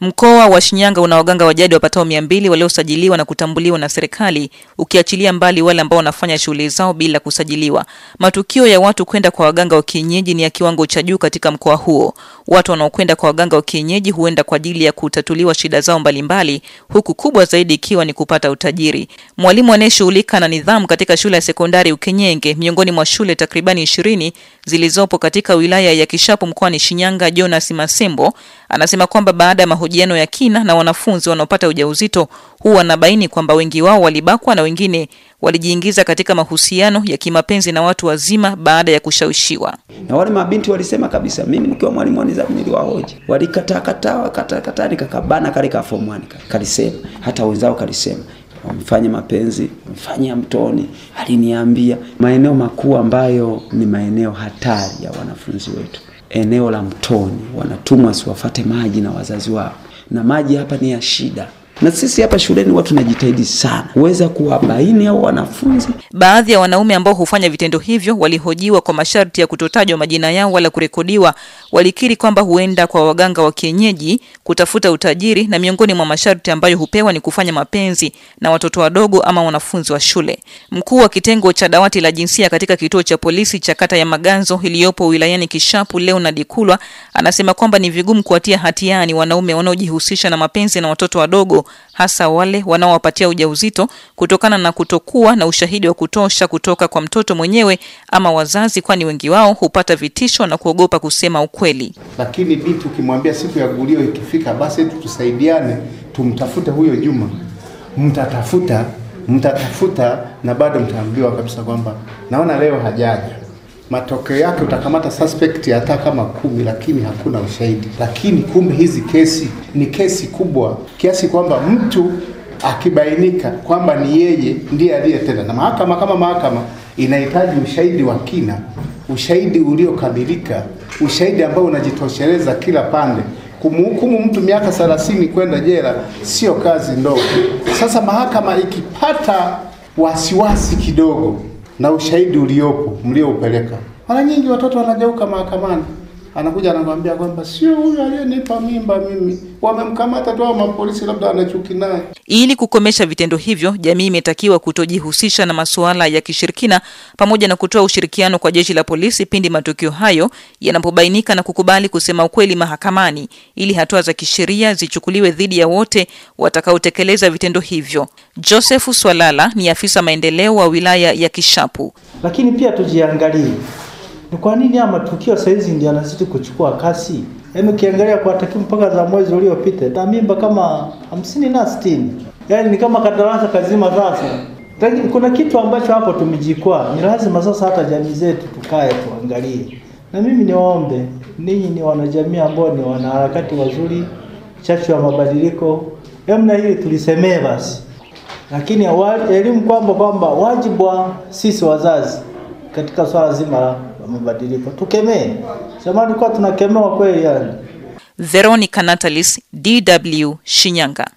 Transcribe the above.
Mkoa wa Shinyanga una waganga wa jadi wapatao mia mbili waliosajiliwa na kutambuliwa na serikali, ukiachilia mbali wale ambao wanafanya shughuli zao bila kusajiliwa. Matukio ya watu kwenda kwa waganga wa kienyeji ni ya kiwango cha juu katika mkoa huo. Watu wanaokwenda kwa waganga wa kienyeji huenda kwa ajili ya kutatuliwa shida zao mbalimbali, mbali, huku kubwa zaidi ikiwa ni kupata utajiri. Mwalimu anayeshughulika na nidhamu katika shule ya sekondari Ukenyenge, miongoni mwa shule takribani ishirini zilizopo katika wilaya ya Kishapu mkoani Shinyanga, Jonas Masembo anasema kwamba baada ya mahojiano ya kina na wanafunzi wanaopata ujauzito huwa wanabaini kwamba wengi wao walibakwa na wengine walijiingiza katika mahusiano ya kimapenzi na watu wazima baada ya kushawishiwa. Na wale mabinti walisema kabisa, mimi nikiwa mwalimu wa nizamu niliwahoji, walikataa kataa, nikakabana kale ka form 1 kalisema, hata wenzao kalisema mfanye mapenzi mfanye mtoni. Aliniambia maeneo makuu ambayo ni maeneo hatari ya wanafunzi wetu eneo la Mtoni, wanatumwa wasiwafate maji na wazazi wao, na maji hapa ni ya shida na sisi hapa shuleni watu tunajitahidi sana kuweza kuwabaini hao wanafunzi. Baadhi ya wanaume ambao hufanya vitendo hivyo walihojiwa kwa masharti ya kutotajwa majina yao wala kurekodiwa, walikiri kwamba huenda kwa waganga wa kienyeji kutafuta utajiri, na miongoni mwa masharti ambayo hupewa ni kufanya mapenzi na watoto wadogo ama wanafunzi wa shule. Mkuu wa kitengo cha dawati la jinsia katika kituo cha polisi cha kata ya Maganzo iliyopo wilayani Kishapu, Leonard kulwa anasema kwamba ni vigumu kuwatia hatiani wanaume wanaojihusisha na mapenzi na watoto wadogo hasa wale wanaowapatia ujauzito kutokana na kutokuwa na ushahidi wa kutosha kutoka kwa mtoto mwenyewe ama wazazi, kwani wengi wao hupata vitisho na kuogopa kusema ukweli. Lakini binti ukimwambia siku ya gulio ikifika, basi tusaidiane, tumtafute huyo Juma, mtatafuta mtatafuta, na bado mtaambiwa kabisa kwamba naona leo hajaja matokeo yake utakamata suspect hata kama kumi, lakini hakuna ushahidi. Lakini kumbe hizi kesi ni kesi kubwa kiasi kwamba mtu akibainika kwamba ni yeye ndiye aliyetenda, na mahakama kama mahakama inahitaji ushahidi wa kina, ushahidi uliokamilika, ushahidi ambao unajitosheleza kila pande. Kumhukumu mtu miaka thelathini kwenda jela sio kazi ndogo. Sasa mahakama ikipata wasiwasi kidogo na ushahidi uliopo mlioupeleka. Mara nyingi watoto wanageuka mahakamani anakuja anakwambia kwamba sio huyu aliyenipa mimba mimi, wamemkamata tu hao mapolisi, labda anachuki naye. Ili kukomesha vitendo hivyo, jamii imetakiwa kutojihusisha na masuala ya kishirikina pamoja na kutoa ushirikiano kwa jeshi la polisi pindi matukio hayo yanapobainika na kukubali kusema ukweli mahakamani ili hatua za kisheria zichukuliwe dhidi ya wote watakaotekeleza vitendo hivyo. Joseph Swalala ni afisa maendeleo wa wilaya ya Kishapu. Lakini pia tujiangalie ni kwa nini haya matukio sasa hizi ndio yanazidi kuchukua kasi? Yaani ukiangalia kwa takwimu mpaka za mwezi uliopita, na mimba kama hamsini na sitini. Yaani ni kama kadarasa kazima sasa. Kuna kitu ambacho hapo tumejikwa, Ni lazima sasa hata jamii zetu tukae tuangalie. Na mimi niwaombe ninyi ni wanajamii ambao ni wanaharakati wazuri, chachu ya mabadiliko. hebu na hili tulisemee basi. Lakini elimu kwamba kwamba wajibu wa sisi wazazi katika swala zima mabadiliko, tukemee. Zamani tulikuwa tunakemewa kweli yani. Veronica Natalis, DW Shinyanga.